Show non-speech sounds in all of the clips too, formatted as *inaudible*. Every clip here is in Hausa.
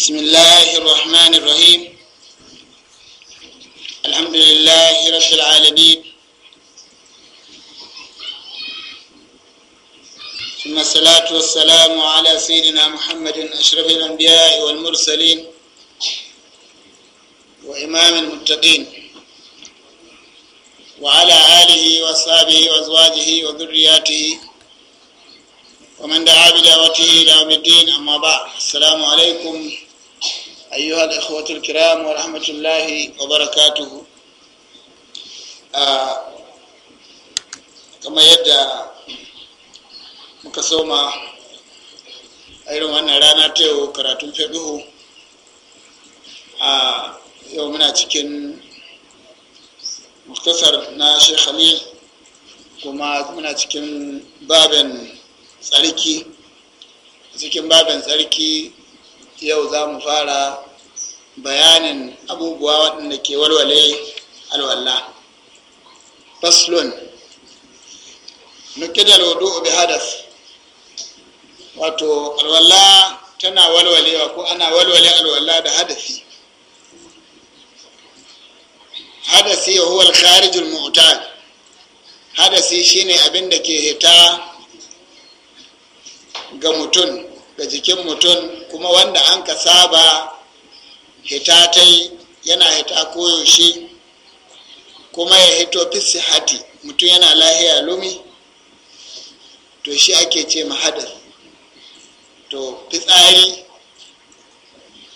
بسم الله الرحمن الرحيم الحمد لله رب العالمين ثم الصلاة والسلام على سيدنا محمد أشرف الأنبياء والمرسلين وإمام المتقين وعلى آله وأصحابه وأزواجه وذرياته ومن دعا بدعوته إلى يوم الدين أما بعد السلام عليكم ayyuha da khawatar kiram wa rahmatullahi wa barakatuhu a yadda muka soma a irin wannan rana ta yau karatun fiɗuhu a yau muna cikin muktasar na shekh halil kuma muna cikin babin tsarki cikin babin tsarki yau za mu fara bayanin abubuwa waɗanda ke walwale alwallah faslun nukidar wudu bi hadas wato alwallah tana walwalewa ko ana walwale alwallah da hadasi hadasi huwa al-kharijul mu'tad hadasi shine abin da ke hita ga mutum ga jikin mutum kuma wanda an ka saba hitatai yana hita koyaushe kuma ya hito fisi hati mutum yana lahiya lumi to shi ake ce mahadar to fitsari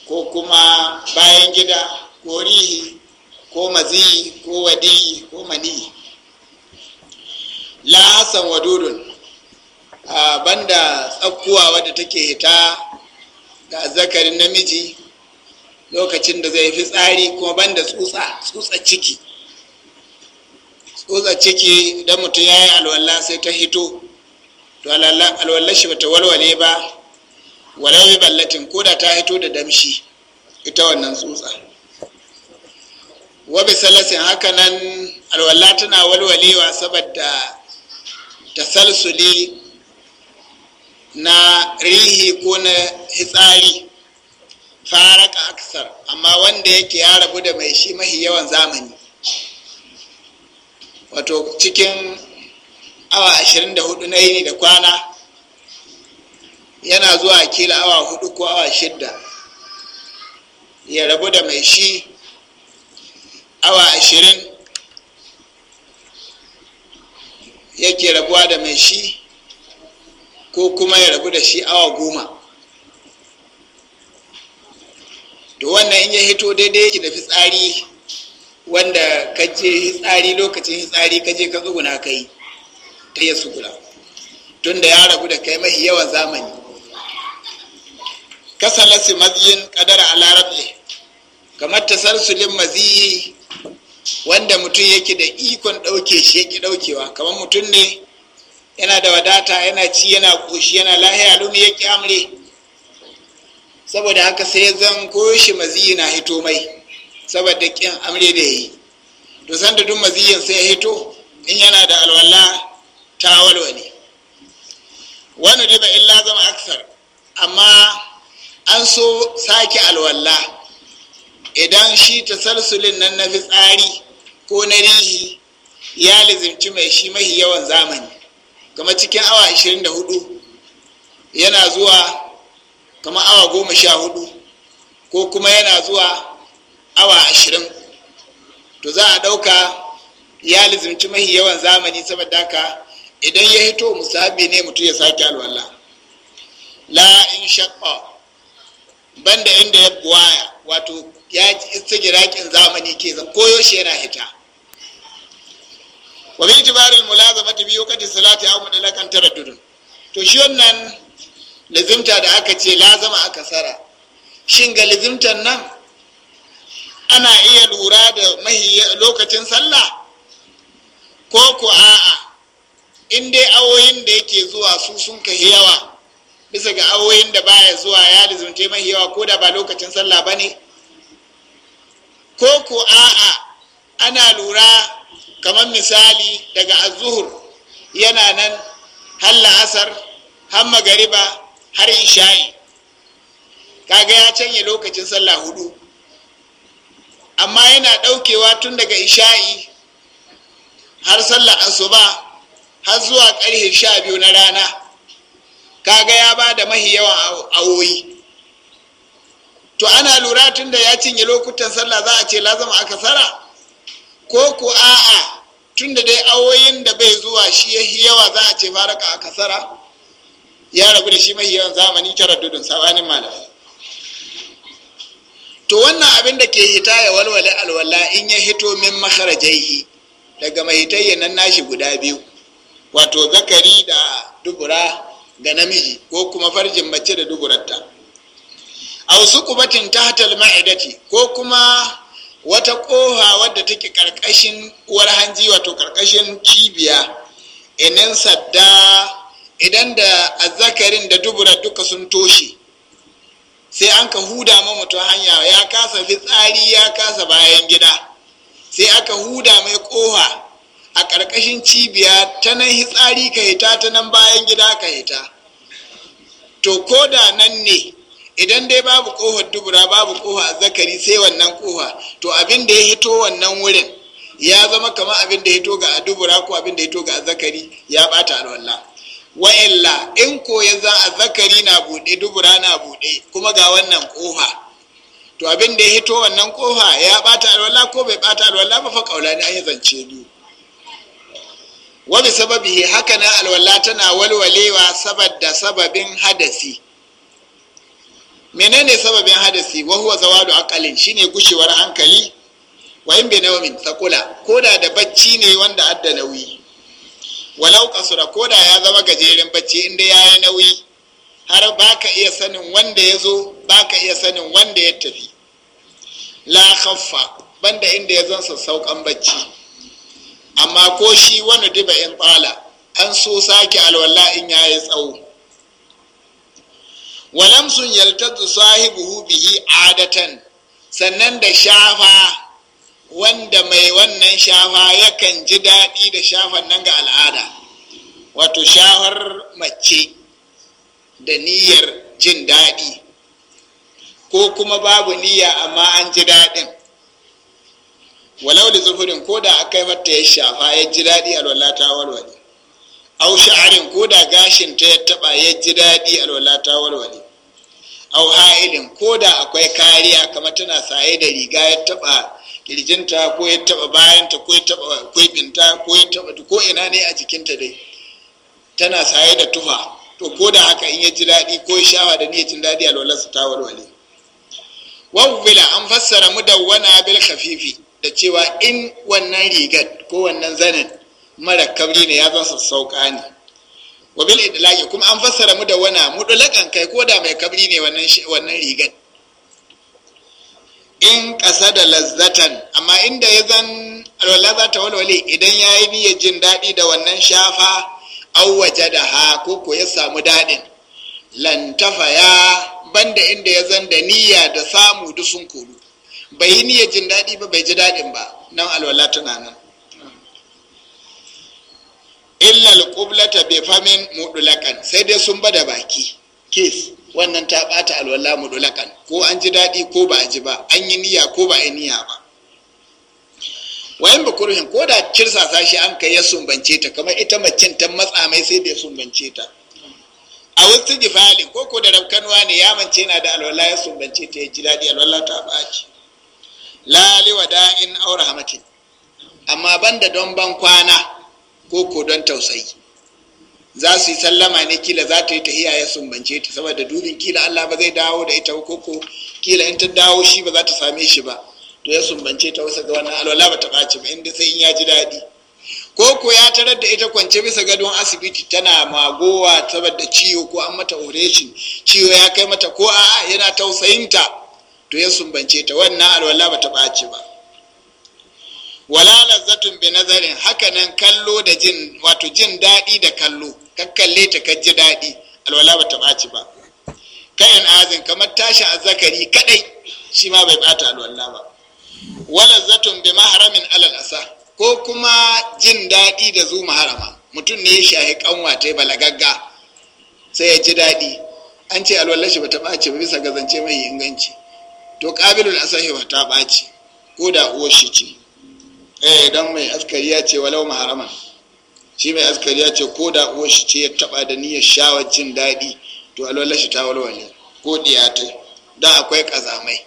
ko kuma bayan gida ko rihi ko maziyi ko wadiyi ko mani la hasan wadudun A banda tsakkuwa wadda take hita ga zakarin namiji lokacin da zai fi tsari kuma banda tsutsa tsutsa ciki tsutsa ciki idan mutum ya yi alwallah sai ta hito to alwallah shi bata walwale ba walau bi ballatin da ta hito da damshi ita wannan tsutsa wabi salasin haka nan alwallah tana walwalewa saboda tasalsuli na rihi ko na hitsari faraka aksar amma wanda yake ya rabu da mai shi mahi yawan zamani wato cikin awa 24 na yini da kwana yana zuwa kila awa hudu ko awa shidda ya rabu da mai shi awa ashirin yake rabuwa da mai shi ko kuma ya rabu da shi awa goma to wannan in ya hito daidai ki da tsari wanda ka je tsari lokacin tsari ka je ka tsuguna ka yi ta ya sugula tun da ya rabu da kai mahi yawan zamani kasalasi matsayin kadara a larabe kamar ta tasarsulin maziyi wanda mutum yake da ikon ɗauke shi yake ɗaukewa kamar mutum ne yana da wadata yana ci yana koshi yana lahiya lumi ya ki amre saboda haka sai zan koshi maziyi na hito mai saboda kin amre da yi to san da duk maziyin sai ya hito in yana da alwala ta walwale wani riba illa zama aksar amma an so sake alwala idan shi ta tasalsulin nan na fi tsari ko na rihi ya lizimci mai shi mahi yawan zamani kama cikin awa 24 yana zuwa kama awa 14 ko kuma yana zuwa awa 20 to za a ɗauka ya lizimci mahi yawan zamani saboda haka idan ya hito musabi ne mutum ya sake alwala la in shakka banda inda ya buwaya wato ya tsigirakin zamani ke zan koyo shi yana hita wa bi itibaril mulazamati bi wakati salati aw mudalakan taraddudun to shi wannan lazimta da aka ce lazama aka sara shin ga lazimtan nan ana iya lura da mahi lokacin sallah ko ku a'a in dai awoyin da yake zuwa su sun kai yawa bisa ga awoyin da baya zuwa ya lizumce mahi yawa ko da ba lokacin sallah ba ne ko ku a'a ana lura kamar misali daga azuhur yana nan halla la'asar har magariba har isha'i kaga ya canye lokacin sallah hudu amma yana ɗaukewa tun daga isha'i har sallah asuba har zuwa karfe sha biyu na rana kaga ya ba da mahi yawan awoyi to ana lura tun da ya cinye lokutan sallah za a ce lazama aka sara ko ku a'a tun da dai awoyin da bai zuwa shi ya yawa za a ce baraka a kasara ya rabu da shi mai yawan zamani taraddudin sabanin malamai to wannan abin da ke hita ya walwale alwala in ya hito min makarajaihi daga mai nan nashi guda biyu wato zakari da dubura ga namiji ko kuma farjin mace da duburarta a wasu kubatin ta hatal ma'idati ko kuma wata koha wadda take ƙarƙashin uwar hanji wato ƙarƙashin cibiya inan sadda idan da azzakarin da dubura duka sun toshe sai an ka huda ma mutum hanya ya kasa fitsari ya kasa bayan gida sai aka huda mai koha a ƙarƙashin cibiya ta nan hitsari ka hita ta nan bayan gida ka hita to ko da nan ne idan dai babu kohar dubura babu koha zakari sai wannan koha to abin da ya hito wannan wurin ya zama kama abin da ya hito ga dubura ko abin da ya hito ga zakari ya bata alwalla wa'illa in ko za a zakari na bude dubura na bude kuma ga wannan koha to abin da ya hito wannan koha ya bata alwalla ko bai bata alwalla ba fa kaula ne an yi zance biyu wani sababi haka na alwala tana walwalewa saboda sababin hadasi menene sababin hadasi wa huwa zawadu aqalin shine gushewar hankali wa in bi nawmin taqula koda da bacci ne wanda adda nauyi walau kasura koda ya zama gajeren bacci inda yayi nauyi har baka iya sanin wanda ya zo baka iya sanin wanda ya tafi la khaffa banda inda ya zan sassauƙan bacci amma ko shi wani diba in tsala an so sake alwala in yayi tsawo walamsun yaltazu sahibuhu bihi adatan sannan da shafa wanda mai wannan shafa yakan ji daɗi da shafan nan ga al'ada wato shafar mace da niyyar jin daɗi ko kuma babu niyya amma an ji daɗin walau da zuhurin ko da aka yi mata ya shafa ya ji daɗi alwala ta walwale au sha'arin ko da gashin ta ya taɓa ya ji daɗi alwala ta walwale au ha'idin ko da akwai kariya kamar tana saye da riga ya taba kirjinta ko ya taba bayanta ko ya taba kwaifinta ko ya taba ko ina ne a jikinta dai tana saye da tufa to ko da haka in ya ji daɗi ko ya shawa da niyyar jin daɗi su ta walwale wawwila an fassara mu da wani abin kafifi da cewa in wannan rigar ko wannan zanin mara kabri ne ya zan sassauka ne wabil idlaki kuma an fassara mu da wana mudulakan kai ko da mai kabri ne wannan wannan rigar in kasa da lazzatan amma inda ya zan alwala za ta walwale idan yayi yi niyyar jin daɗi da wannan shafa an waje da ha ko ko ya samu daɗin Lantafaya, ya banda inda ya zan da niyya da samu duk sun bai yi niyyar jin daɗi ba bai ji daɗin ba nan alwala tana nan illal qublata bai famin mudulakan sai dai sun bada baki kes wannan ta bata alwala mudulakan ko an ji daɗi ko ba a ji ba an yi niyya ko ba a yi niyya ba wayan bukurhin ko da kirsasa shi an kai ya sumbance ta kamar ita macin ta matsa mai sai da ya sumbance ta a wasu jifalin ko ko da Rabkanuwa ne ya mance na da alwala ya sumbance ta ya ji daɗi alwala ta ɓaci lali wa da'in aure hamatin amma banda don ban kwana ko don tausayi za su yi sallama ne kila za ta yi ya sumbance ta saboda dubin kila Allah ba zai dawo da ita ko ko kila in ta dawo shi ba za ta same shi ba to ya sumbance ta wasu ga wannan alwala ba ta ɓaci ba inda sai in ya ji daɗi ko ya tarar da ita kwance bisa gadon asibiti tana magowa saboda ciwo ko an mata oreshin ciwo ya kai mata ko a'a yana tausayinta to ya sumbance ta wannan alwala ba ta ɓaci ba wala lazzatun bi nazarin hakanan kallo da jin wato jin daɗi da kallo kakkalle ta ka daɗi alwala ba ta ɓaci ba kayan azin kamar tashi azzakari kaɗai, shi ma bai bata alwala ba wala zatun bi maharamin alal asa ko kuma jin daɗi da zu maharama mutum ne ya shahi kanwa ta balagagga sai ya ji daɗi an ce alwala shi bata ɓaci ba bisa ga zance mai inganci to qabilul asahi ba ta ɓaci ko da uwar shi ce eh dan mai askari ya ce walau maharaman shi mai askari ya ce ko da uwar shi ce ya taba da niyyar shawar jin daɗi to alwala shi ta walwale ko diyatai don akwai kazamai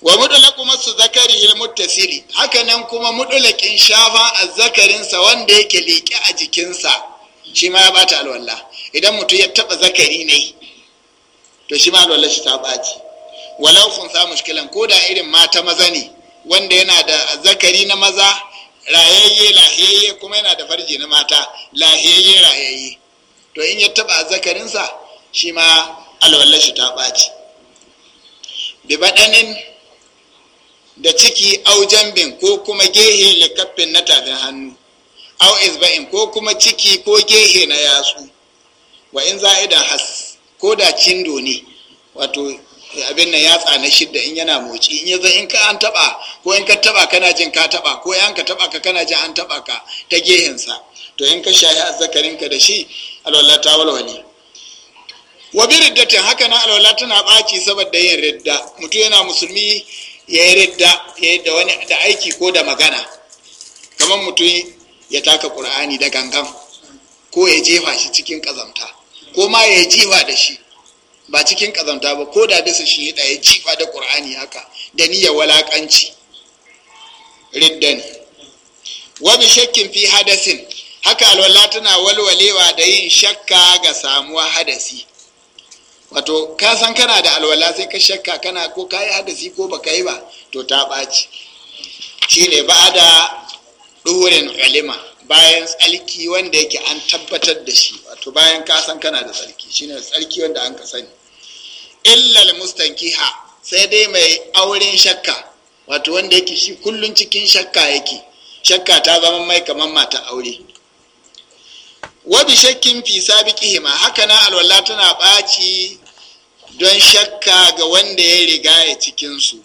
wa kuma su zakari Haka hakanan kuma ƙin shafa a zakarinsa wanda yake leƙe a jikinsa shi ma ya bata alwala idan mutum ya taba zakari ne to shi ma alwala shi ta ɓaci walau kun sa mushkilan ko da irin mata maza ne wanda yana da zakari na maza rayayye lahiyayye kuma yana da farji na mata lahiyayye rayayye to in ya taba zakarinsa shi ma alwallar shi ta ɓaci bi baɗanin da ciki jambin ko kuma gehe likaffin na tafin hannu au isba'in ko kuma ciki ko gehe na yatsu wa in za'idan has ko da cindo ne wato abin nan yatsa na shidda in yana moci in ya in ka an taba ko in ka taba kana jin ka taba ko in ka taba ka kana jin an taba ka ta gehensa to in ka shahi azzakarin ka da shi alwala ta walwale wa bi riddatin haka nan alwala tana baci saboda yin ridda mutum yana musulmi ya yi ridda ya yi da wani da aiki ko da magana kamar mutum ya taka qur'ani da gangan ko ya jefa shi cikin kazamta ko ma ya jefa da shi ba cikin kazanta ba ko da bisa shi ya jifa da ƙur'ani haka da niyya walaƙanci ridda ne wani shakkin fi hadasin haka alwala tana walwalewa da yin shakka ga samuwa hadasi wato ka san kana da alwala sai ka shakka kana ko ka yi hadasi ko ba ka yi ba to ta ɓaci Shi ne ba da ɗurin ulima bayan tsalki wanda yake an tabbatar da shi to bayan ka san kana da tsarki shine tsarki wanda an ka sani illal mustankiha sai dai mai auren shakka wato wanda yake shi kullun cikin shakka yake shakka ta zama mai kamar mata aure wabi shakkin fi sabiqihima haka na alwala tana ɓaci don shakka ga wanda ya riga ya cikin su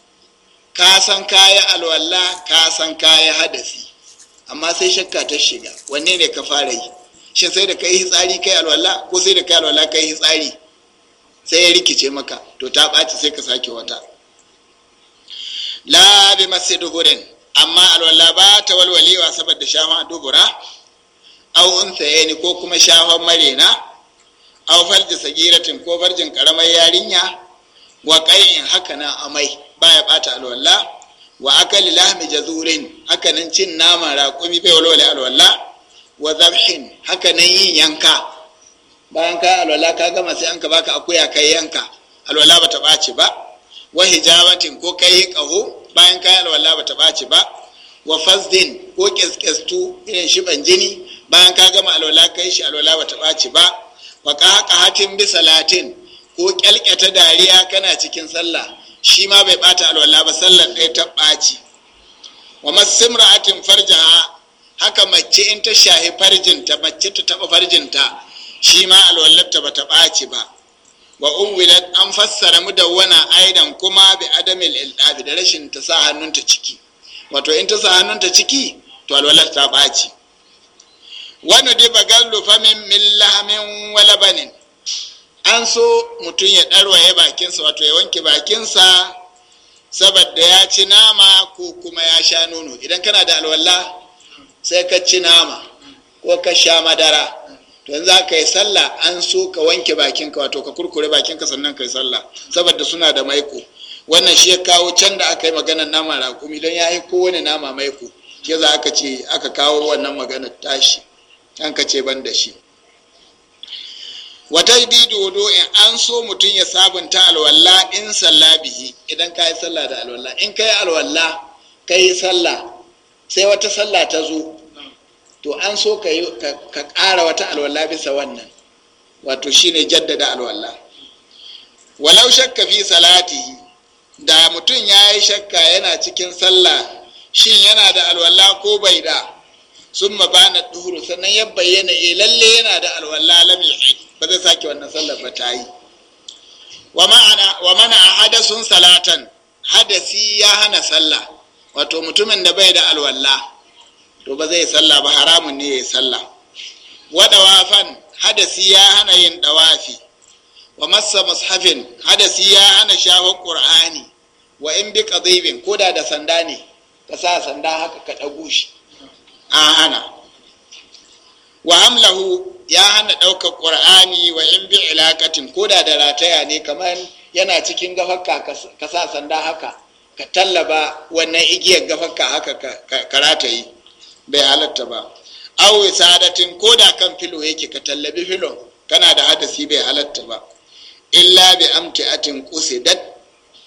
ka san kayi alwala ka san kayi hadasi amma sai shakka ta shiga wanne ne ka fara yi shin sai da kai hitsari kai alwala ko sai da kai alwala kai hitsari sai ya rikice maka to ta ɓaci sai ka sake wata la bi masjidu amma alwala ba ta walwalewa saboda a dubura au ni ko kuma shahon marena au farji sagiratin ko farjin karamar yarinya wa qayin haka na amai baya bata alwala wa akali lahmi jazurin haka nan cin nama raƙumi bai walwale alwala wa zabhin haka nan yin yanka bayan ka alwala ka gama sai an ka baka akuya kai yanka alwala bata ɓaci ba wa hijabatin ko kai yi ƙaho bayan ka alwala bata ɓaci ba wa fasdin ko ƙesƙestu irin shiban jini bayan ka gama alwala kai shi alwala bata ɓaci ba wa hakin bi salatin ko ƙyalƙyata dariya kana cikin sallah shi ma bai bata alwala ba sallar ɗaya ta ɓaci wa masimra'atin farjaha haka mace in ta shahi farjinta mace ta taba farjinta shi ma alwallarta ba ta ɓaci ba wa umwilat an fassara mu da wana aidan kuma bi adamil ildabi da rashin ta sa hannunta ciki wato in ta sa hannunta ciki to alwalar ta ɓaci wani diba gallu famin min lahamin ne. an so mutum ya ɗarwaye bakinsa wato ya wanke bakinsa saboda ya ci nama ko kuma ya sha nono idan kana da alwala sai ka ci nama ko ka sha madara to za ka yi sallah an so ka wanke bakinka wato ka kurkure bakinka sannan ka yi sallah saboda suna da maiko wannan shi ya kawo can da aka yi maganar nama raƙumi don ya yi kowane nama maiko shi za aka ce aka kawo wannan maganar tashi an ka ce ban da shi wata dodo in an so mutum ya sabunta alwallah in sallah bihi idan ka yi sallah da alwala in ka yi alwallah ka yi sallah sai wata sallah ta zo to an so ka ƙara wata alwala bisa wannan wato shine jaddada alwala walau shakka fi salati da mutum ya yi shakka yana cikin sallah shin yana da alwala ko bai da sun bana duhuru sannan ya bayyana e lalle yana da alwala lam ba zai sake wannan sallar ba ta yi wa mana a hadasun salatan hadasi ya hana sallah wato mutumin da bai da alwalla to ba zai sallah ba haramun ne ya sallah wa hadasi ya hana yin dawafi wa massa mushafin hadasi ya hana shafin qur'ani wa in bi qadibin koda da sanda ne ka sa sanda haka ka dagu shi a hana wa hamlahu ya hana ɗaukar ƙur'ani wa in bi ilakatin koda da rataya ne kamar yana cikin gafarka ka sa sanda haka ka tallaba wannan igiyar ka haka karata rataye bai halatta ba awo sadatin ko da kan filo yake ka tallabi filon kana da hadasi bai halatta ba illa bi amtiatin qusidat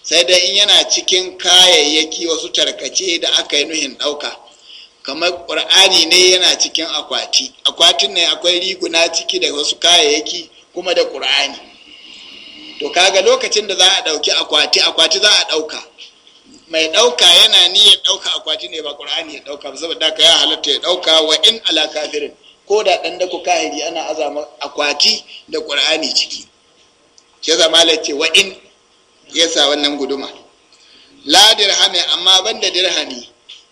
sai dai in yana cikin kayayyaki wasu tarkace da aka yi nuhin ɗauka kamar ƙur'ani ne yana cikin akwati akwatin ne akwai riguna ciki da wasu kayayyaki kuma da ƙur'ani to kaga lokacin da za a ɗauki akwati akwati za a ɗauka mai ɗauka yana niyyar ɗauka akwati ne ba ƙur'ani ya ɗauka ba saboda ka ya halatta ya ɗauka wa in ala kafirin ko da ɗan da ku kahiri ana azama akwati da ƙur'ani ciki ya zama ce wa in ya sa wannan guduma la dirhami amma ban da dirhami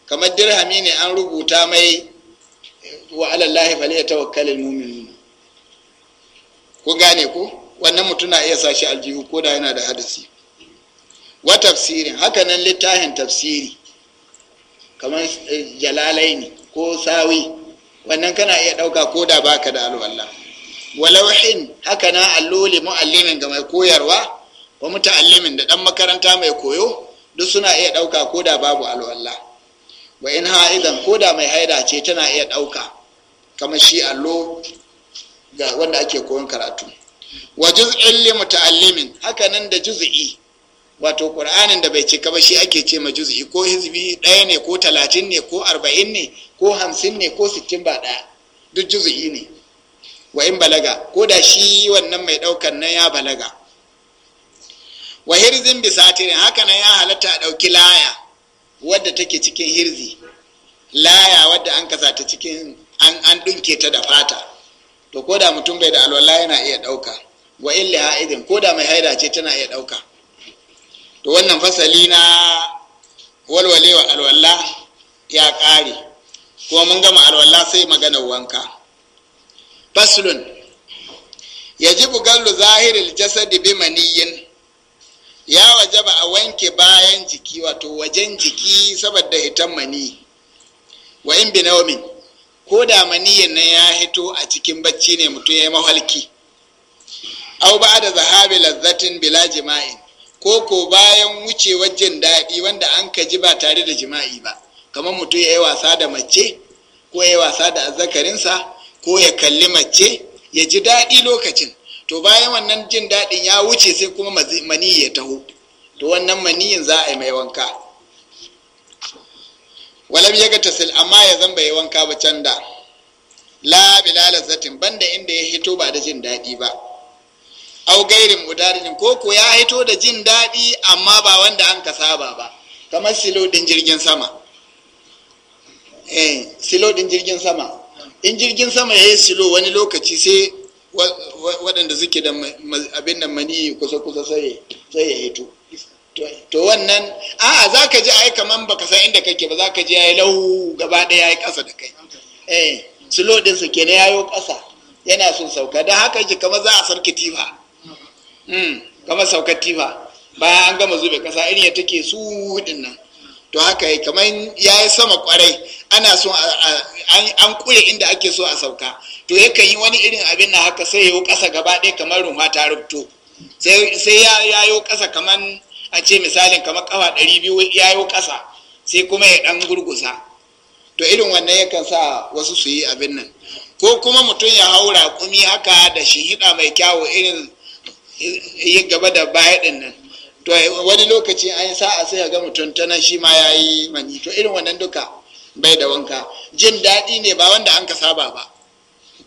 kamar dirhami ne an rubuta mai wa alallahi fali ya tawakkalil mu'minun ku gane ko wannan mutum na iya sashi aljihu ko da yana da hadisi wa tafsirin hakanan littafin tafsiri kamar eh, jalalai ne ko sawi wannan kana iya ɗauka ko da baka da alwallah walauhin haka na alloli mu'allimin ga mai koyarwa wa muta'allimin da ɗan makaranta mai koyo duk suna iya ɗauka ko da babu alwallah wa in ha'idan ko da mai haida ce tana iya ɗauka kamar shi allo ga wanda ake koyon karatu wa juz'in li muta'allimin haka nan da juz'i wato ƙur'anin da bai cika ba shi ake ce ma juz'i ko hizbi ɗaya ne ko talatin ne ko arba'in ne ko hamsin ne ko sittin ba ɗaya duk juz'i ne wa in balaga ko da shi wannan mai ɗaukan nan ya balaga wa hirzin bisatirin haka nan ya halatta a ɗauki laya wadda take cikin hirzi laya wadda an kasa ta cikin an ɗinke ta da fata to ko da mutum bai da alwala yana iya ɗauka wa illa ha'idin ko da mai haida ce tana iya ɗauka to wannan fasali na walwalewa alwala ya ƙare kuma mun gama alwala sai maganar wanka faslun ji bugallu zahirin jasadi bi maniyin ya ba a wanke bayan jiki wato wajen jiki saboda hitan mani wa in bi naumin ko da maniyin nan ya hito a cikin bacci ne mutum ya yi mahalki au ba da zahabi lazzatin bila jima'in ko ko bayan wucewar jin daɗi wanda an ka ji ba tare da jima'i ba kamar mutum ya yi wasa da mace ko ya yi wasa da azzakarinsa ko ya kalli mace ya ji daɗi lokacin to bayan wannan jin daɗin ya wuce sai kuma mani ya taho to wannan maniyin za a yi mai wanka walam ya ga tasil amma ya zan bai wanka ba can da la bilala banda inda ya hito ba da jin daɗi ba au gairin mudarijin ko ko ya haito da jin daɗi amma ba wanda an ka saba ba kamar silo din jirgin sama eh silo din jirgin sama in jirgin sama ya yi silo wani lokaci sai waɗanda suke da abin nan mani kusa-kusa sai ya hito to wannan a za ka ji ai kaman baka san inda kake ba za ka ji ai lau gaba ɗaya yi ƙasa da kai eh silo ɗinsa kenan yayo ƙasa yana son sauka don haka yake kamar za a sarki tifa Hmm, kamar saukar tifa bayan an gama zube kasa irin ya take su hudin nan to haka yi kamar ya yi sama kwarai ana so an kure inda ake so a sauka to yakan yi wani irin abin na haka sai ya yi ƙasa gaba ɗaya kamar ruma ta rubuto. sai ya yi ƙasa kamar a ce misalin kamar kafa ɗari biyu ya yi ƙasa sai kuma ya ɗan gurgusa to irin wannan yakan sa wasu su yi abin nan ko kuma mutum ya haura kumi haka da shi hida mai kyawu irin yi gaba da baya din nan to eh, wani lokaci an yi sa'a sai ga mutum ta nan shi ma ya yi mani to irin wannan duka bai da wanka jin daɗi ne ba wanda an ka saba ba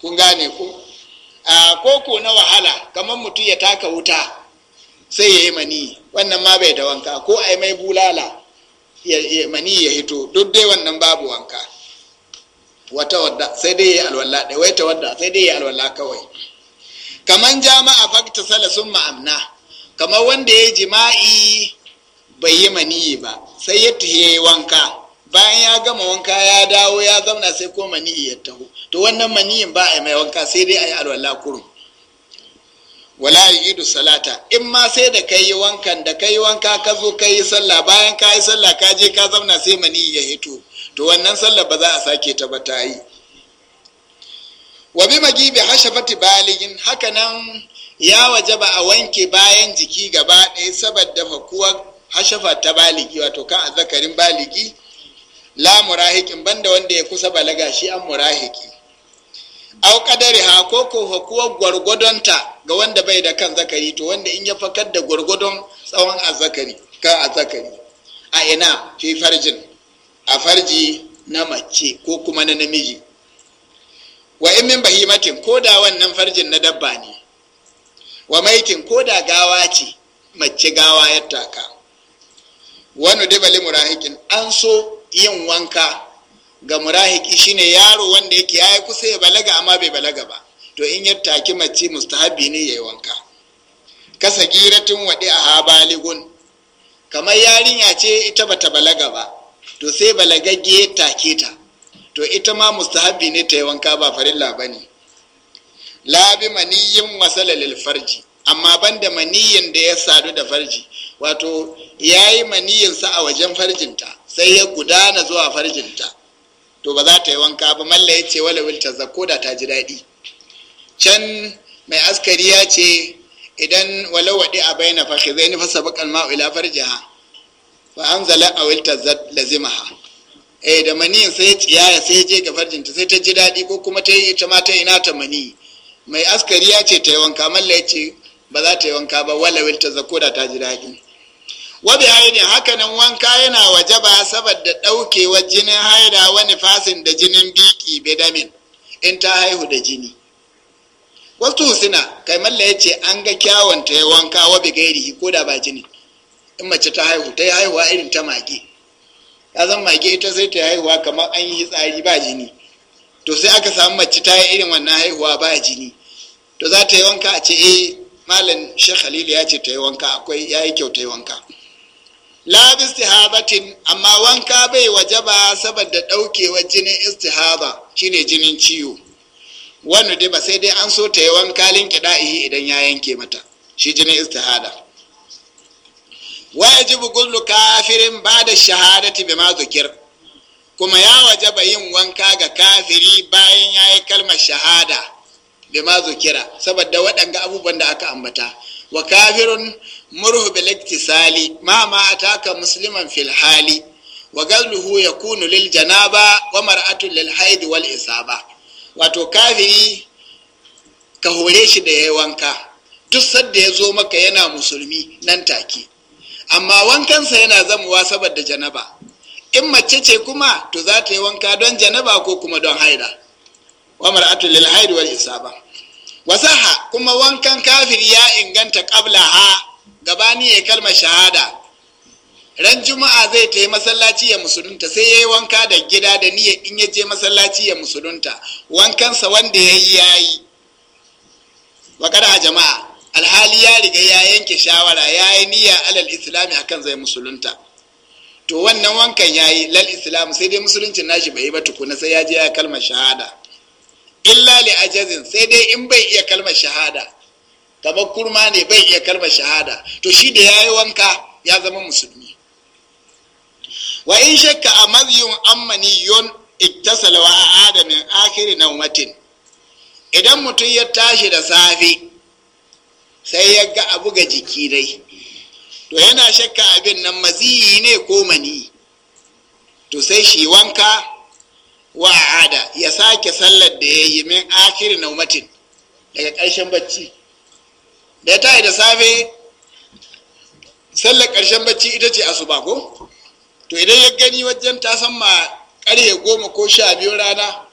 kun gane ko a koko na wahala kamar mutum ya taka wuta sai ya yi mani wannan ma bai da wanka ko a yi mai bulala mani ya hito duk dai wannan babu wanka wata wadda sai dai ya yi alwala ɗaya wai ta wadda sai dai ya yi alwala kawai kaman jama'a fakta sun ma'amna kamar wanda ya jima'i bai yi maniyi ba sai ya tuhe wanka bayan ya gama wanka ya dawo ya zauna sai ko maniyi ya taho to wannan maniyin ba a mai wanka sai dai a yi alwala kurum wala yidu salata in ma sai da ka yi wankan da ka yi wanka ka zo ka yi sallah bayan ka yi sallah ka je ka zauna sai maniyi ya hito to wannan sallah ba za a sake ta ba ta yi wa bi magi bi hashafati baligin nan ya waje ba a wanke bayan jiki gaba ɗaya saboda hakuwa hashafa ta baligi wato kan azzakarin baligi la murahikin banda wanda ya kusa balaga shi an murahiki au kadari ha ko ko hakuwa gwargwadonta ga wanda bai da kan zakari to wanda in ya fakar da gwargwadon tsawon azzakari kan azzakari a ina fi farjin a farji na mace ko kuma na namiji wa in min bahimatin ko da wannan farjin na dabba ne wa maitin ko da gawa ce mace gawa ya taka wani dibali murahikin an so yin wanka ga murahiki shine yaro wanda yake ya yi kusa ya balaga amma bai balaga ba to in ya taki mace mustahabi ne ya yi wanka kasa giratin waɗi a habaligun kamar yarinya ce ita bata balaga ba to sai balagagge take ta to ita ma mustahabbi ne ta yi wanka ba farilla ba ne labi maniyin wasala lil farji amma banda maniyin da ya sadu da farji wato ya yi maniyinsa a wajen farjinta sai ya gudana zuwa farjinta to ba za ta yi wanka ba malla ya ce wala wilta ko da ta ji daɗi can mai askari ya ce idan walawaɗi a bayyana fashe zai nufa sabakan ma'ula farjiha fa an zala a wilta lazimaha eh da maniyin sai ya tsiyaya sai je ga farjinta sai ta ji daɗi ko kuma ta yi ita mata ina ta mani mai askari ya ce ta yi wanka malla ya ce ba za ta yi wanka ba wil ta zako da ta ji daɗi wabi haini hakanan wanka yana ba saboda ɗaukewar jinin haida wani fasin da jinin biki bedamin in ta haihu da jini wasu suna kai malla ya ce an ga kyawun ta yi wanka wabi gairi ko da ba jini in mace ta haihu ta yi haihuwa irin ta mage ya zama mage ita sai ta haihuwa kamar an yi tsari ba jini to sai aka samu mace ta yi irin wannan haihuwa ba jini to za ta yi wanka a ce eh malam shi khalil ya ce ta yi wanka akwai ya yi kyau ta yi wanka la istihabatin amma wanka bai waje ba saboda daukewar jinin istihaba shine jinin ciwo wannan dai ba sai dai an so ta yi wanka linkida'ihi idan ya yanke mata shi jinin istihada wa kullu kafirin ba da shahadati ma zukir kuma ya wajaba yin wanka ga kafiri bayan ya yi kalmar shahada ma zukira saboda waɗanga abubuwan da aka ambata wa kafirun murhu bil iktisali ma ma ataka musliman fil hali wa gazluhu yakunu lil janaba wa mar'atu lil haid wal isaba wato kafiri ka hore shi da yayi wanka duk sadda ya zo maka yana musulmi nan take amma wankansa yana zamuwa saboda janaba in mace ce kuma to za ta yi wanka don janaba ko kuma don haida wa mar'atu lil haidi wal isaba wasaha kuma wankan kafir ya inganta qabla ha gabani ya kalma shahada ran juma'a zai ta yi masallaci ya musulunta sai ya yi wanka da gida da niyyar in ya je masallaci ya musulunta wankansa wanda ya yi ya yi jama'a alhali ya riga ya yanke shawara ya yi niyya alal islami akan zai musulunta to wannan wankan ya yi lal islam sai dai musuluncin nashi bai yi ba tukuna sai ya je ya kalmar shahada illa li ajazin sai dai in bai iya kalmar shahada kamar kurma ne bai iya kalmar shahada to shi da ya yi wanka ya zama musulmi wa in shakka a mazyun ammani yon wa a adamin akhirin nan watin idan mutum ya tashi da safe sai ya ga abu ga jiki dai to yana shakka abin nan maziyi ne ko mani to sai shi wanka wa ada ya sake sallar da ya yi min akiri naumatin daga ƙarshen bacci da ta da safe sallar ƙarshen bacci ita ce asuba ko to idan ya gani wajen ta san ma ƙarye goma ko sha biyu rana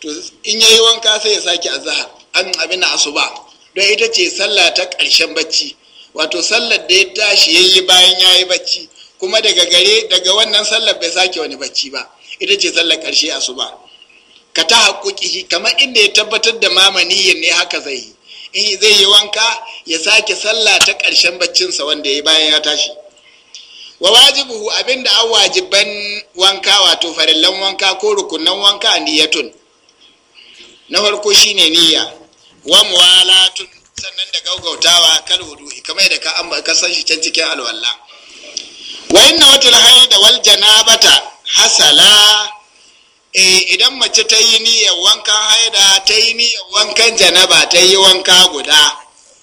to in ya yi wanka sai ya sake azahar an abin asuba don ita ce sallah ta ƙarshen bacci wato sallar da ya tashi ya yi bayan ya yi bacci kuma daga gare daga wannan sallar bai sake wani bacci ba ita ce sallar ƙarshe a suba ka ta haƙoƙi kamar inda ya tabbatar da ya ne haka zai yi in zai yi wanka ya sake sallah ta ƙarshen baccinsa wanda ya bayan ya tashi wa wajibuhu abinda an wajiban wanka wato farillan wanka ko rukunan wanka a niyyatun. na farko shine niyya wa tun sannan da gaugautawa kan wudu'i kamar yadda ka an ka san shi can cikin alwala wa inna watul da wal janabata hasala eh, idan mace ta yi niyyar wankan haida ta yi niyyar wankan janaba ta yi wanka guda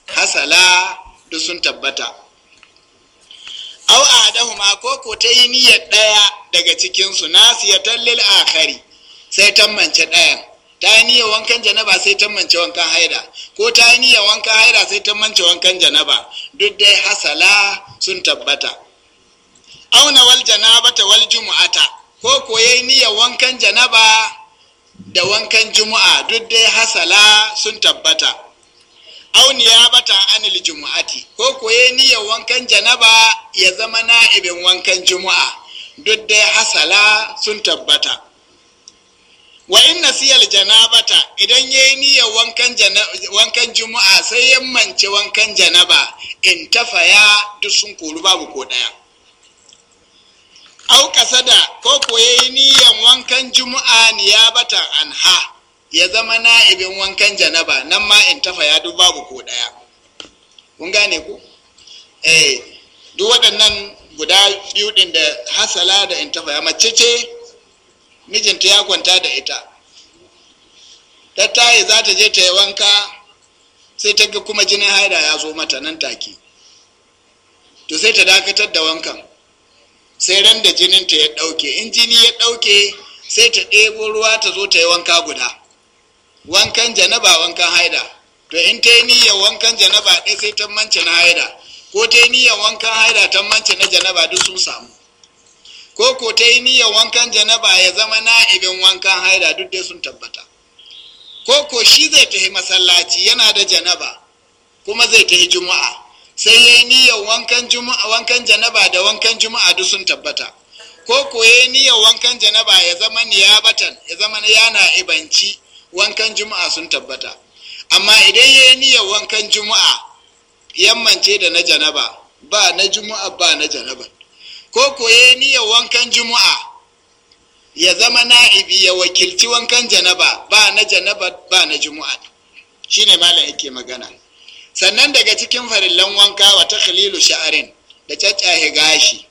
hasala duk sun tabbata au ahadahuma ko ko ta yi niyyar ɗaya daga cikinsu nasiyatan lil akhari sai ta mace ɗayan ta yi niyyar wankan janaba sai ta mance wankan haida ko ta yi niyyar wankan haida sai ta mance wankan janaba duk dai hasala sun tabbata auna wal janabata wal jumu'ata ko ko yayi niyyar wankan janaba da wankan jumu'a duk dai hasala sun tabbata auniya bata anil jumu'ati ko ko yayi niyyar wankan janaba ya zama na'ibin wankan jumu'a duk dai hasala sun tabbata wa in nasiyal janabata idan yayi niyyar wankan wankan juma'a sai ya mance wankan janaba in tafaya duk sun koru babu ko daya au kasada ko ko yayi niyyar wankan juma'a niyabata anha ya zama na'ibin wankan janaba nan ma in tafaya duk babu ko daya kun gane ku eh duk waɗannan guda biyu din da hasala da in tafaya mace ce mijinta ya kwanta da ita ta tayi za ta je ta yi wanka sai ta ga kuma jinin haida ya zo mata nan take to sai ta dakatar da wankan sai ran da ta ya ɗauke in jini ya ɗauke sai ta ɗebo ruwa ta zo ta yi wanka guda wankan janaba wankan haida to in ta yi niyyar wankan janaba ɗaya sai ta mance na haida ko ta yi niyyar wankan haida ta mance na janaba duk sun samu ko ko ta yi niyyar wankan janaba ya zama na'ibin wankan haida duk dai sun tabbata ko ko shi zai tafi masallaci yana da janaba kuma zai tafi juma'a sai ya yi niyyar wankan juma'a wankan janaba da wankan juma'a duk sun tabbata ko ko ya yi niyyar wankan janaba ya zama niyabatan ya zama yana ibanci wankan juma'a sun tabbata amma idan ya yi niyyar wankan juma'a yammance da na janaba ba na juma'a ba na janaba ko koye niyyar wankan juma'a ya zama na'ibi ya wakilci wankan janaba ba na janaba ba na juma'a shine malam yake magana sannan daga cikin farillan wanka wa takhlilu sha'arin da caccahe gashi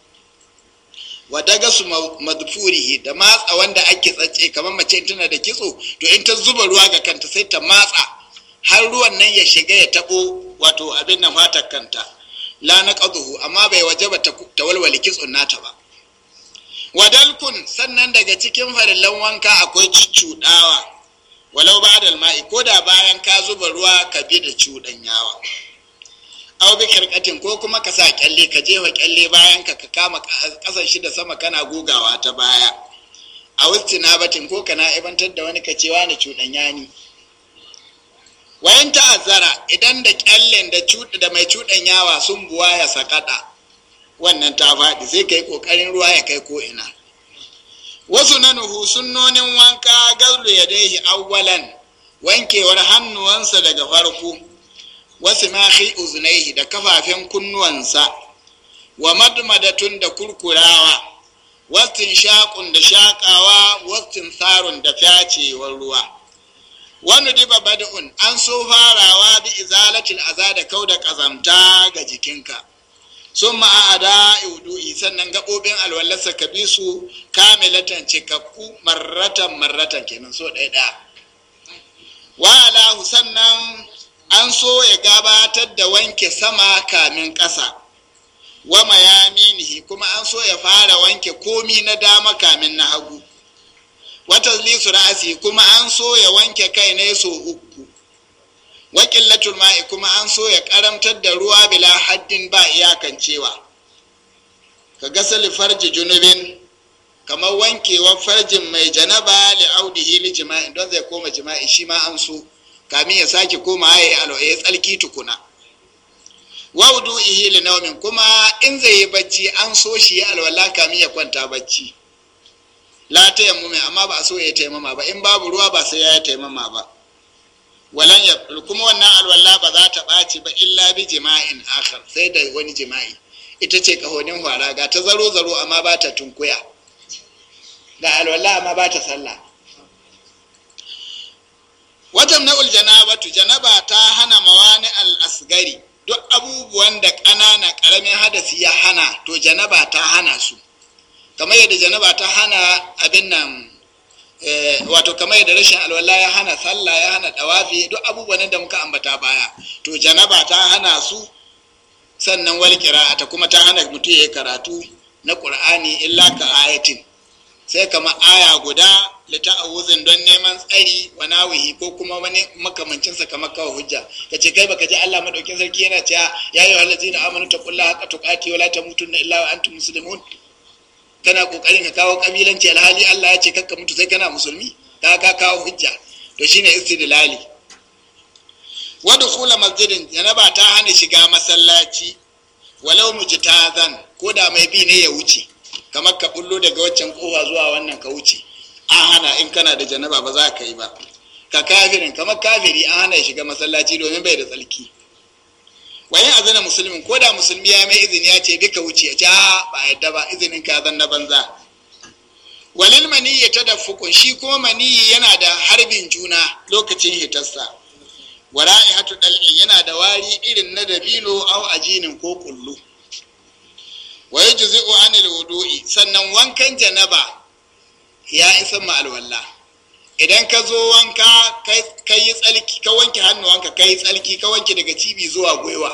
wa daga su madfurihi da matsa wanda ake tsatse kamar mace tana da kitso to in ta zuba ruwa ga kanta sai ta matsa har ruwan nan ya shiga ya taɓo, wato abin nan fatar kanta la na naqadhu amma bai waje ba ta walwale kitson nata ba wadalkun sannan daga cikin farillan wanka akwai cuɗawa walau ba da ma'i ko da bayan ka zuba ruwa ka bi da cuɗanyawa au bi karkatin ko kuma ka sa kyalle ka jefa kyalle bayan ka ka kama ƙasan shi da sama kana gugawa ta baya a wistinabatin ko kana ibantar da wani ka cewa ni cuɗanya ni wayan ta'azzara idan da kyallen da da mai cuɗan yawa sun buwa ya sakaɗa wannan ta faɗi sai kai ƙoƙarin ruwa ya kai ko ina wasu na nuhu sunnonin wanka gazlu ya dai awwalan wankewar hannuwansa daga farko wasu mahi uzunaihi da kafafen kunnuwansa wa madmadatun da kurkurawa wastin shaƙun da shaƙawa wastin tsarun da fyacewar ruwa wani diba bad'un an so farawa bi izalatil aza da kau da kazamta ga jikinka sun ma'ada iwudu'i sannan gaɓoɓin alwallarsa ka bi su kamilatan cikakku marratan marratan kenan so ɗaya ɗaya wa alahu sannan an so ya gabatar da wanke sama kamin ƙasa wa mayaminihi kuma an so ya fara wanke komi na dama kamin na hagu wata lisu rasi kuma an so ya wanke kai ne so uku wakil ma'i kuma an so ya karamtar da ruwa bila haddin ba iyakancewa ka gasali farji junubin kamar wankewar farjin mai janaba li audihi li jima'i don zai koma jima'i shi ma an so kamin ya sake koma ya yi alwaye tsalki tukuna waudu ihi li naumin kuma in zai yi bacci an so shi ya alwala kamin ya kwanta bacci la mai, amma ba a so ya taimama ba in babu ruwa ba sai ya taimama ba walan ya kuma wannan alwala ba za ta ɓaci ba illa bi jima'in akhar sai da wani jima'i ita ce kahonin hwara ga ta zaro zaro amma ba ta tunkuya ga alwala amma ba ta sallah watan na'ul janabatu janaba ta hana mawani al-asgari duk abubuwan da ƙanana ƙaramin hadasi ya hana to janaba ta hana su kamar yadda janaba ta hana abin nan eh, wato kamar yadda rashin alwala ya hana sallah ya hana dawafi duk abubuwan da muka ambata baya to janaba ta hana su sannan wal ta kuma ta hana mutum ya karatu na qur'ani illa ka ayatin sai kama aya guda awuzin don neman tsari wa nawihi ko kuma wani makamancin sa kamar kawai hujja ce kai baka ji Allah madaukin sarki yana cewa ya yi halazina amanu ta taqullaha ka tuqati wa la tamutunna illa wa antum muslimun kana kokarin ka kawo kabilanci alhali Allah ya ce kakka mutu sai kana musulmi ka ka kawo hujja to shine istidlali wa dukhula masjidin janaba ta hana shiga masallaci walau mujtazan ko da mai bi ne ya wuce kamar ka bullo daga waccan kowa zuwa wannan ka wuce an hana in kana da janaba ba za ka yi ba ka kafirin kamar kafiri an hana shiga masallaci domin bai da tsalki a azana musulmin ko da musulmi ya mai izini ya ce bika wuce ya ce ah, ba yadda ba izinin ka zan na banza walil ta fukun shi ko maniyyi yana da harbin juna lokacin hitarsa hatu dal'in yana da wari irin na dabino au ajinin ko kullu wa juzi'u anil wudu'i sannan wankan janaba ya isa ma alwalla idan ka zo wanka ka yi tsalki ka wanke hannuwanka ka yi tsalki ka wanke daga cibi zuwa gwiwa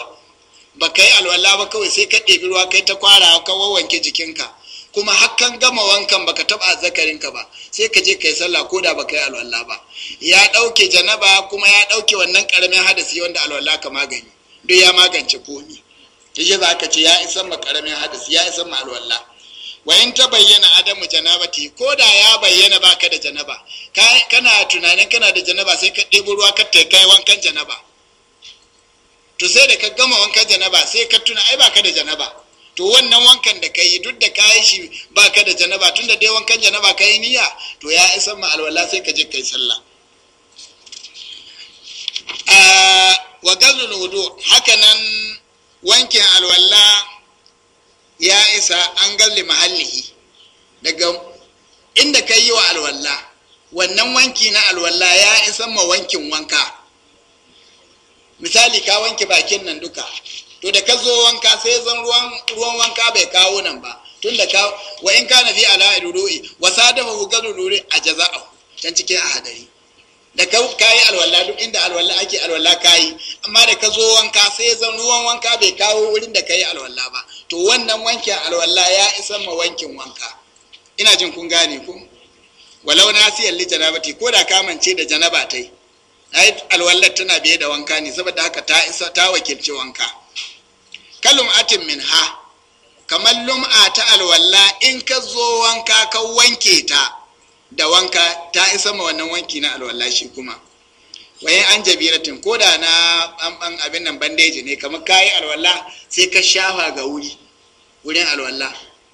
ba ka yi alwala ba kawai sai ka ɗebi ruwa kai ta kwara ka wanke jikinka kuma hakan gama wankan baka taba zakarinka ba sai ka je ka yi sallah ko da baka yi alwala ba ya ɗauke janaba kuma ya ɗauke wannan karamin hadasi wanda alwala ka magani duk ya magance komi yaje za ka ce ya isan ma ƙaramin hadasi ya isan ma alwala Wa in ta bayyana adamu janabati ko da ya bayyana baka da janaba kana tunanin kana da janaba sai ka ɗebo ruwa ka ta kai wankan janaba to sai da ka gama wankan janaba sai ka tuna ai baka da janaba to wannan wankan da ka yi duk da ka yi shi baka da janaba da dai wankan janaba ka yi niyya to ya isa ma alwala sai ka je kai sallah ah, wa gazul wudu hakanan wankin alwala ya isa an galli mahallihi daga inda ka yi wa alwalla wannan wanki na alwalla ya isa ma wankin wanka misali ka wanke bakin nan duka to da ka zo wanka sai zan ruwan wanka bai kawo nan ba tun da ka wa in kana fi ala ruru'i wa sadama hu gadu ruri a jaza'a can cikin hadari da ka kayi alwala duk inda alwala ake alwala kayi amma da ka zo wanka sai zan ruwan wanka bai kawo wurin da ka yi alwala ba to wannan wankin alwala ya isa ma wankin wanka ina jin kun gane ku walau na siyan li janabati ko da kamance da janaba tai ai alwallar tana biye da wanka ne saboda haka ta isa ta wakilci wanka kalum atin min ha kamar lum'a ta alwalla in ka zo wanka ka wanke ta da wanka ta isa ma wannan wanki na alwalla shi kuma wai an jabiratin ko da na an abin nan bandeji ne kamar kayi alwalla sai ka shafa ga wuri wurin alwalla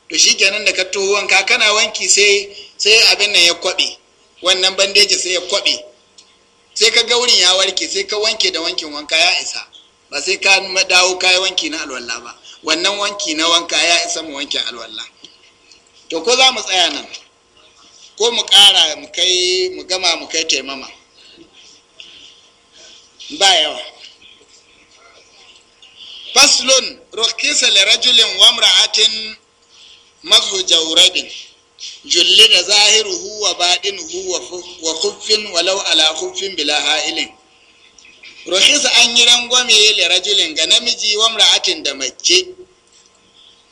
to shi kenan da ka taho wanka kana wanki sai sai abin nan ya kwabe wannan bandeji sai ya kwabe sai ka ga wurin ya warke sai ka wanke da wankin wanka ya isa ba sai ka dawo kai wanki na alwalla ba wannan wanki na wanka ya isa mu wanke alwalla to ko za mu tsaya nan ko mu ƙara mu kai mu gama mu kai taimama ba yawa faslun rukisa li rajulin wa imra'atin mazhu jawrabin julli da huwa baɗin huwa wa khuffin walau ala khuffin bila ha'ilin rukisa an yi rangwame li rajulin ga namiji wa atin da mace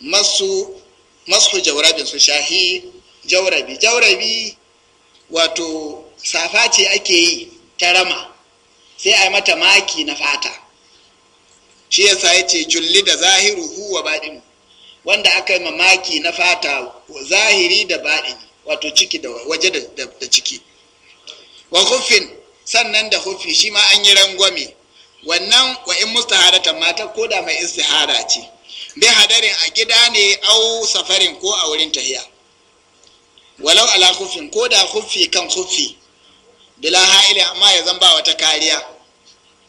masu masu jawrabin su shahi jaurabi jaurabi wato safa ce ake yi ta rama sai a yi mata maki na fata shi yasa ya ce julli da zahiru huwa baɗin wanda aka yi mamaki na fata zahiri da baɗin wato ciki da waje da ciki wa hufin sannan da hufi shi ma an yi rangwame wannan wa in mustaharatan mata ko da mai istihara ce bi hadarin a gida ne au safarin ko a wurin tahiya walau ala hufin ko da hufi kan hufi bila ha'ili amma ya zan ba wata kariya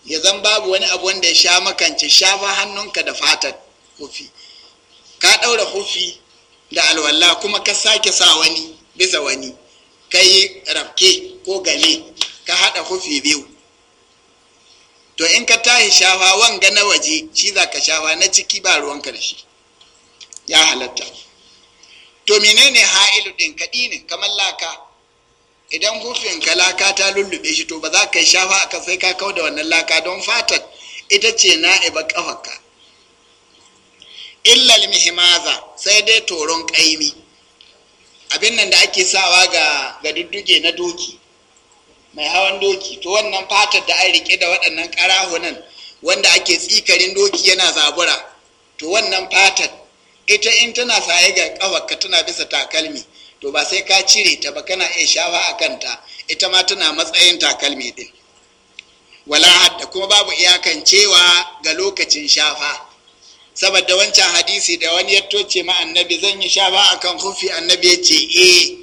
ya zan babu wani abu wanda ya sha makance shafa hannunka da fatar hufi ka ɗaura hufi da alwala kuma ka sake sa wani bisa wani ka yi rafke ko gale ka haɗa hufi biyu to in ka tashi shafa wanga na waje shi za ka shafa na ciki ba ruwan shi. ya halatta to menene ha'ilu ɗin kaɗi ne kamar laka idan hufin ka laka ta lullube shi to ba za ka yi shafa a sai ka kau da wannan laka don fatar ita ce iba kafarka illal mihimaza sai dai toron kaimi abin nan da ake sawa ga ga dudduge na doki mai hawan doki to wannan fatar da an rike da waɗannan ƙarahunan wanda ake tsikarin doki yana zabura to wannan fatar ita in tana saye ga kafarka tana bisa takalmi to ba sai ka cire ta ba kana iya shafa a kanta ita ma tana matsayin takalmi din wala hadda kuma babu iyakan cewa ga lokacin shafa saboda wancan hadisi da wani ya toce ma annabi zan yi shafa akan hufi annabi ya ce eh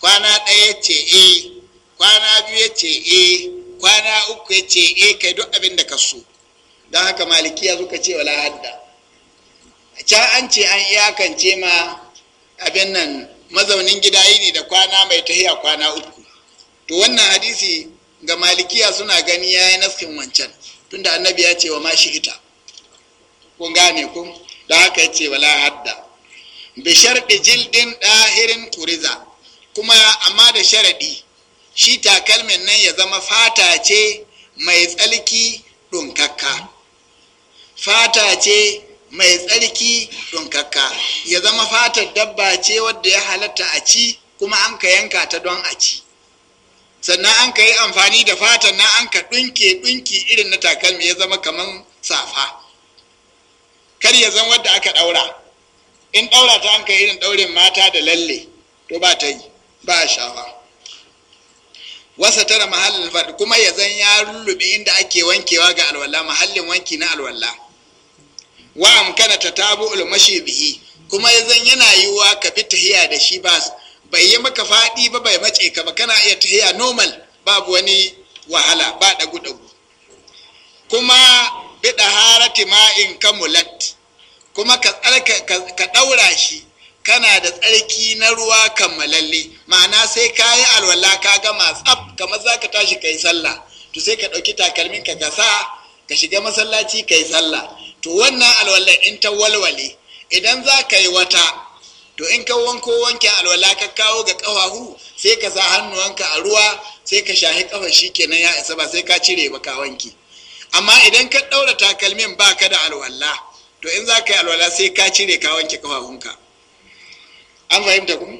kwana ɗaya ya ce eh kwana biyu ya ce eh kwana uku ya ce eh kai duk abin da ka so don haka malikiya suka ce wala hadda can an ce an iyakance ma abin nan mazaunin gida yini da kwana mai tahiya kwana uku to wannan hadisi ga malikiya suna gani ya yi naskin wancan tunda annabi ya ce wa ma shi ita kun gane ku da haka ya ce wala hadda bi sharɗi jildin ɗahirin kuriza kuma amma da sharaɗi shi takalmin nan ya zama fata ce mai tsalki ɗunkakka fata ce mai tsarki ɗunkakka ya zama fatar dabba ce wadda ya halatta a ci kuma an ka yanka ta don a ci sannan an ka yi amfani da fatan na an ka ɗunke ɗunke irin na takalmi ya zama kamar safa kar ya zama wadda aka ɗaura in ɗaura ta an ka irin ɗaurin mata da lalle to ba ta yi ba a shafa wasa tara mahallin faɗi kuma ya zan ya rullube inda ake wankewa ga alwala mahallin wanki na alwala wa amkana tabu ulmashi bihi kuma yanzan yana yiwuwa ka fi tahiya da shi ba bai yi maka faɗi ba bai mace ka ba kana iya tahiya normal babu wani wahala ba ɗagu ɗagu kuma bi harati ma'in kamulat kuma ka ka ɗaura shi kana da tsarki na ruwa kammalalle ma'ana sai ka yi alwala ka gama tsaf kamar za ka tashi ka yi sallah to sai ka ɗauki takalmin ka gasa ka shiga masallaci ka yi sallah to wannan alwala in ta walwale idan za ka yi wata to in ka wanko wanke alwala ka kawo ga ƙafafu sai ka sa hannuwanka a ruwa sai ka shahi ƙafa shi kenan ya isa ba sai ka cire ba ka wanke amma idan ka ɗaura takalmin ba ka da alwala to in za ka yi alwala sai ka cire ka wanke ƙafafunka an fahimta kuma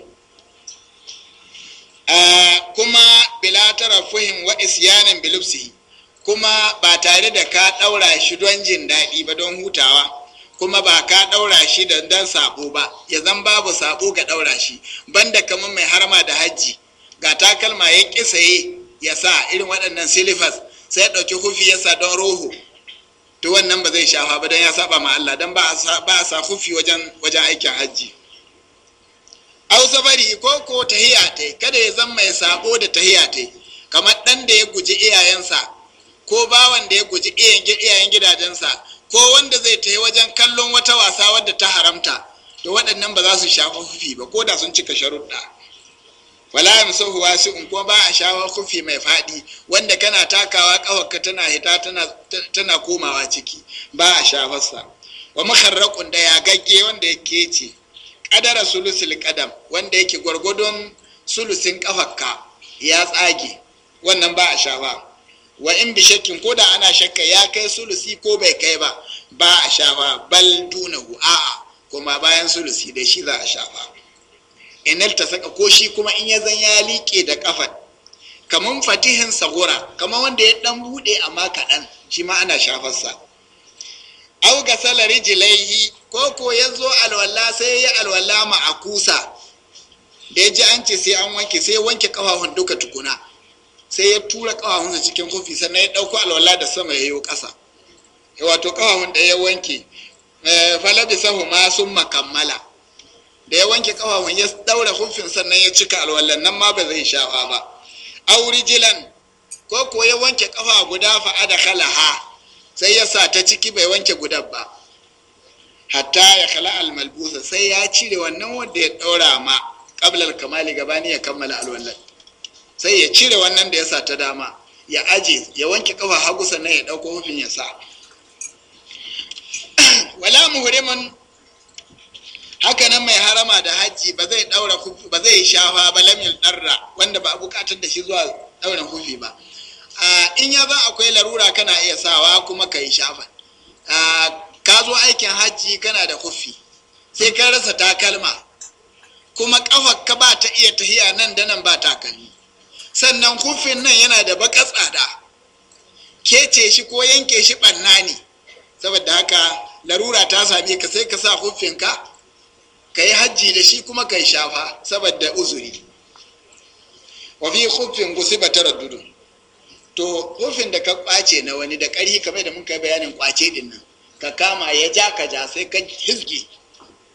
ah, kuma bila tarafuhin wa isyanin bilubsihi kuma ba tare da ka ɗaura shi don jin daɗi ba don hutawa kuma ba ka ɗaura shi da dan sabo ba ya zan babu sabo ga ɗaura shi banda kamar mai harma da hajji ga takalma ya ƙi ya sa irin waɗannan silifas sai ya ɗauki hufi ya sa don roho to wannan ba zai shafa ba don ya saba ma Allah don ba a sa hufi wajen aikin hajji au safari ko ko tahiya tai kada ya zan mai sabo da tahiya tai kamar ɗan da ya guji iyayensa ko bawan da ya guji iyayen gidajensa ko wanda zai ta wajen kallon wata wasa wadda ta haramta to waɗannan ba za su shafa hufi ba ko da sun cika sharuɗa wala yamsahu in kuma ba a sha kufi mai faɗi wanda kana takawa ƙawarka tana hita tana komawa ciki ba a fassa wa muharraqun da ya gagge wanda yake ce qadara sulusul qadam wanda yake gwargwadon sulusin ƙafarka ya tsage wannan ba a sha ba. wa in bi shakkin ko da ana shakka ya kai sulusi ko bai kai ba ba a shafa bal dunahu a'a kuma bayan sulusi da shi za a shafa inal ta saka ko shi kuma in ya zan ya liƙe da kafar kamar fatihin sahura, kamar wanda ya ɗan bude amma kaɗan shi ma ana shafarsa au ga salari jilaihi ko ko ya zo alwala sai ya alwala ma a kusa da ya ji an ce sai an wanke sai wanke kafafun duka tukuna sai ya tura ƙawahunsa cikin kofi sannan ya ɗauko alwala da sama ya yi ƙasa wato kawahun da ya wanke eh, falabi sahu ma sun makammala da ya wanke kawahun ya ɗaura kofin sannan ya cika alwalan nan ma ba zai shafa ba auri jilan ko ko ya wanke kafa guda fa'ada ha sai ya sa ta ciki bai wanke gudan ba hatta ya kala almalbusa sai ya cire wannan wanda ya ɗaura ma kablar kamali gabani ya kammala alwallan sai ya cire wannan da ya sa ta dama ya aje ya wanke kafa hagu sannan ya ɗauko hufin ya sa *clears throat* wala muhrimun haka nan mai harama da hajji ba zai daura ba zai shafa ba lamil darra wanda ba a bukatar da shi zuwa daura hufi ba in ya ba akwai larura kana iya sawa kuma ka yi shafa ka zo aikin hajji kana da hufi sai ka rasa takalma kuma ƙafa ka ba ta iya tahiya nan da nan ba takalmi sannan kufin nan yana da baka tsada kece shi ko yanke shi ɓanna ne saboda haka larura ta same ka sai ka sa kufinka ka yi hajji da shi kuma ka shafa saboda uzuri Wafi kufin gusi ba tara dudu to kufin da ka kwace na wani da ƙari kamar da muka yi bayanin kwace din nan ka kama ya ja ka ja sai ka hizgi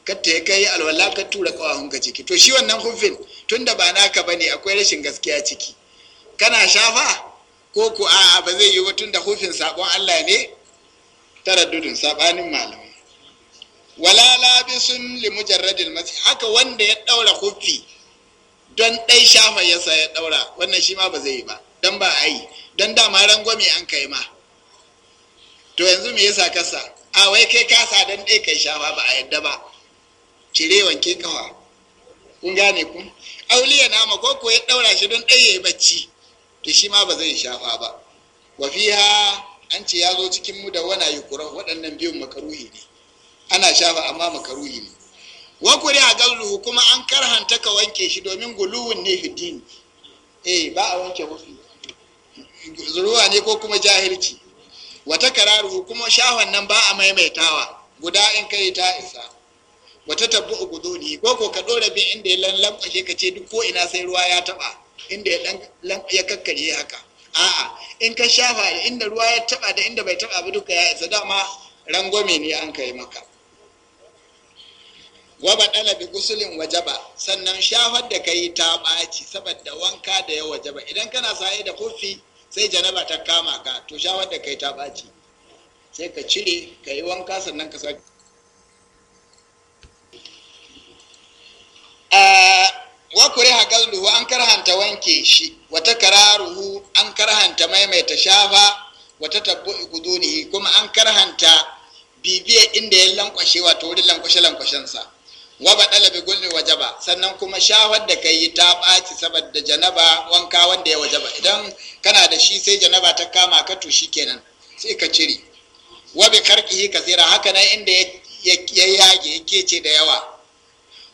katta ya kai alwala ka tura ka ciki to shi wannan hufin tunda ba naka ba ne akwai rashin gaskiya ciki kana shafa ko ku a'a ba zai yi ba da hufin sabon Allah ne taraddudin sabanin malamai wala labisun li mujarradil masi haka wanda ya daura hufi don dai shafa yasa ya daura wannan shi ma ba zai yi ba dan ba ai dan dama rangwame an kai ma to yanzu me yasa kasa a wai kai kasa dan dai kai shafa ba a yadda ba cire wanke kawa kun gane ku auliya nama ko koko ya daura shi don ɗaya ya bacci to shi ma ba zai shafa ba wa fiha an ce ya zo cikin mu da wana yukura waɗannan biyun makaruhi ne ana shafa amma makaruhi ne wa kuri a galluhu kuma an karhanta ka wanke shi domin guluwun ne fiddini eh ba a wanke mafi zuruwa ne ko kuma jahilci wata kararu kuma shahon nan ba a maimaitawa guda in kai ta isa wata tabbu ne ko ko ka dora bin inda ya lankwashe ka ce duk ko ina sai ruwa ya taɓa inda ya ya kakkarye haka a'a in ka shafa inda ruwa ya taɓa da inda bai taɓa ba duka ya isa dama rangwame ne an kai maka waba ɗala bi gusulin wajaba sannan shafar da kai ta ɓaci saboda wanka da ya wajaba idan kana saye da kofi sai janaba ta kama ka to shafar da kai ta ɓaci sai ka cire ka yi wanka sannan ka sake wa kure hagalluhu an karhanta wanke shi wata kararuhu an karhanta maimaita shafa wata tabbu'i iguduni kuma an karhanta bibiya inda ya lankwashe wato wuri lankwashe lankwashensa wa badala bi waje wajaba sannan kuma shafar da kai ta ɓaci saboda janaba wanka wanda ya ba idan kana da shi sai janaba ta kama ka to kenan sai ka cire wa bi karqihi kasira haka nan inda ya yage yake ce da yawa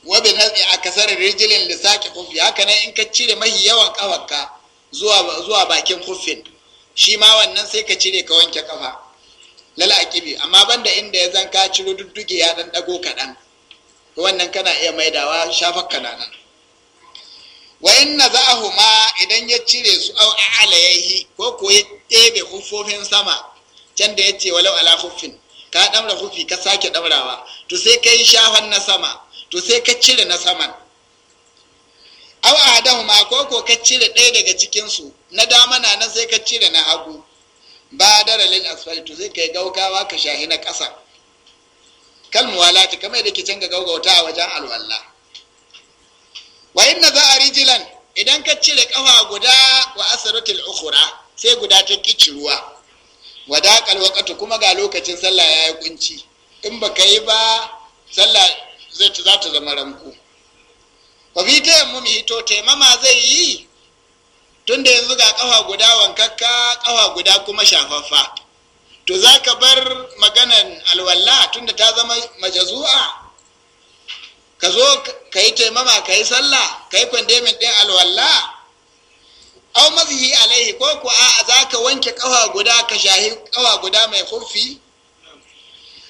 wabin hatsi a kasar rijilin lisaki kufi haka nan in ka cire mahi yawan kafarka zuwa zuwa bakin kufin shi ma wannan sai ka cire ka wanke kafa lala akibi amma banda inda ya zan ka ciro dudduge ya dan dago kaɗan wannan kana iya maidawa shafar kananan wa a huma idan ya cire su au a'alayhi ko ko ya ɗebe hufofin sama can da yace walau ala kufin ka damra kufi ka sake damrawa to sai kai shafan na sama to sai ka cire na saman Au adahuma ko ko ka cire ɗaya daga cikin su na dama na nan sai ka cire na hagu ba dara lil asfali to sai kai gaugawa ka shahi na ƙasa kalmuwalati kamar yadda ke canza gaugauta a wajen alwala wa inna za a rijilan idan ka cire kafa guda wa asaratul ukhra sai guda ta kici ruwa wada kalwakatu kuma ga lokacin sallah ya yi kunci in ba ka yi ba sallah za ta zama ranku ba fi ta yammu mu hito taimama zai yi tun da yanzu ga kafa guda wankakka kafa guda kuma shafaffa to za ka bar maganan alwalla tun da ta zama majazu'a ka zo ka yi taimama ka yi sallah ka yi kwandemin ɗin alwalla au mazihi alaihi ko ku a za ka wanke kafa guda ka shahi kafa guda mai kurfi.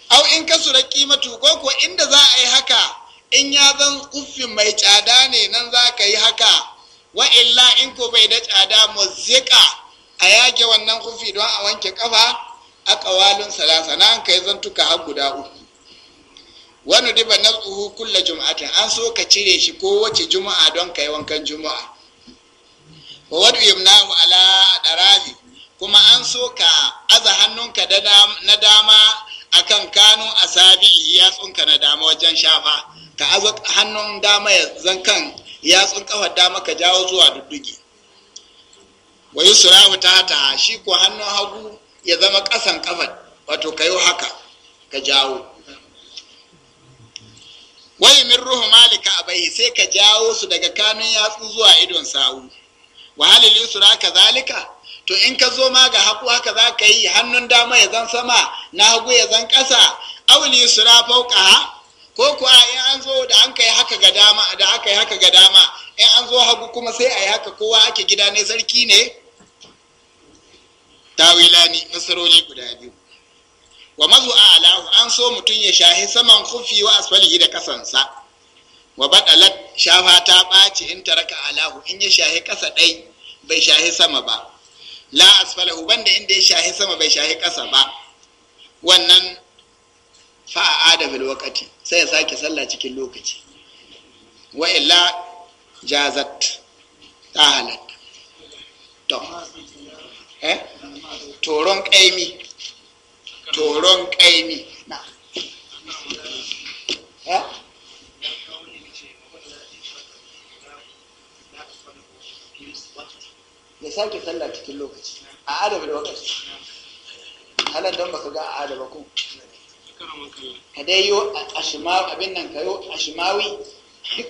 au in ka raƙi matu ko ko inda za a yi haka in ya zan uffin mai tsada ne nan za ka yi haka wa illa in ko bai da tsada muzika a yage wannan kufi don a wanke kafa a kawalin salasa na kai zantuka har guda uku wani diba na tsuhu kulla juma'atin an so ka cire shi ko wace juma'a don ka yi wankan juma'a wa wadu yumnahu ala darazi kuma an so ka aza hannunka na dama akan kanu a ya yatsunka na dama wajen shafa ka azo hannun dama ya zankan yatsun kafar dama ka jawo zuwa duddugi wa ta tata shi ko hannun hagu ya zama kasan kafar wato kayo haka ka jawo wai min ruhu malika abai sai ka jawo su daga kanun yatsu zuwa idon sa'u, wa halil yusra kazalika to in ka zo ma ga hagu haka za ka yi hannun dama ya zan sama na hagu ya zan ƙasa auli sura fauka ko kuwa in an zo da an kai haka ga dama da aka yi haka ga dama in an zo hagu kuma sai a yi haka kowa ake gida ne sarki ne tawilani masaroli guda biyu wa mazu alahu an so mutum ya shahi saman kufi wa da kasansa wa badalat shafa ta ɓaci in ta raka alahu in ya shahi ƙasa ɗai bai shahi sama ba la asfalahu banda inda ya shahi sama bai shahi ƙasa ba wannan fa'a da fil sai ya sake sallah cikin lokaci wa illa jazat ta halatta to eh toron kaimi toron kaimi na eh ya sake sallah cikin lokaci a adaba da wakaci halar don baka ga a adaba ko ka dai yo abin nan ka yo a shimawi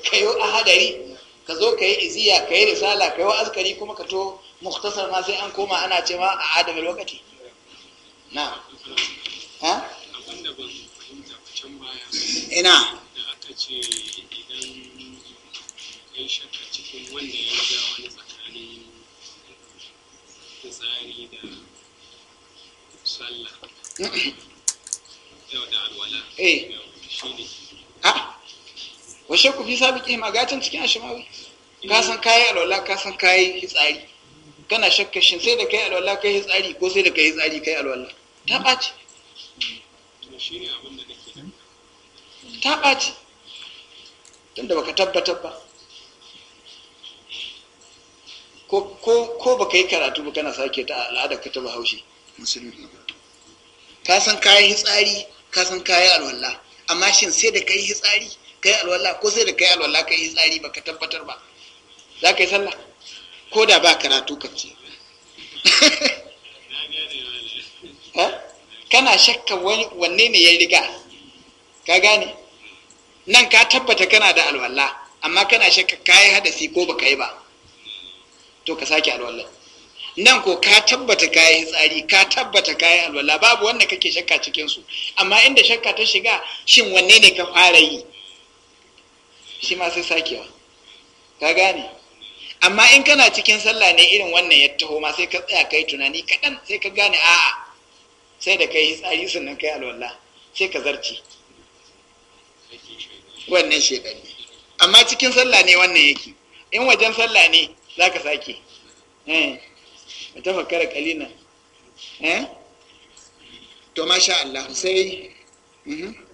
*laughs* ka yo a hadari ka zo ka yi iziya ka yi risala ka yi azkari kuma ka to muktasar ma sai an koma ana ce ma a adaba da na ha? ina da aka ce idan ya shaka cikin wanda ya riga wani tsakanin fitsari da sallah yau da alwala eh a washe ku fi sabiki magacin cikin ashimawi ka san kayi alwala ka san kayi fitsari kana shakka shin sai da kai alwala kai tsari ko sai da kai hitsari kai alwala ta ɓaci ta ɓaci tunda baka tabbatar ba ko ba ka yi karatu ba kana sake ta al'ada ka ta bahaushe musulmi ka san kayan hitsari ka san kayan alwala amma shin sai da kai hitsari kai alwala ko sai da kai alwala kai hitsari ba ka tabbatar ba za ka yi sallah ko da ba karatu ka ce *laughs* eh? kana shakka wanne ne ya riga ka gane nan ka tabbata kana da alwallah amma kana shakka kayan hadasi ko ba yi ba to ka sake alwala nan ko ka tabbata kayi tsari ka tabbata kayi alwala babu wanda kake shakka cikin su amma inda shakka ta shiga shin wanne ne ka fara yi shi ma sai sakewa ka gane amma in kana cikin sallah ne irin wannan ya taho ma sai ka tsaya kai tunani kaɗan sai ka gane a'a sai da kai tsari sannan kai alwala sai ka zarce wannan shekaru amma cikin sallah ne wannan yake in wajen sallah ne za ka sake eh. a tafakkara kalina eh? to masha Allah sai mhm.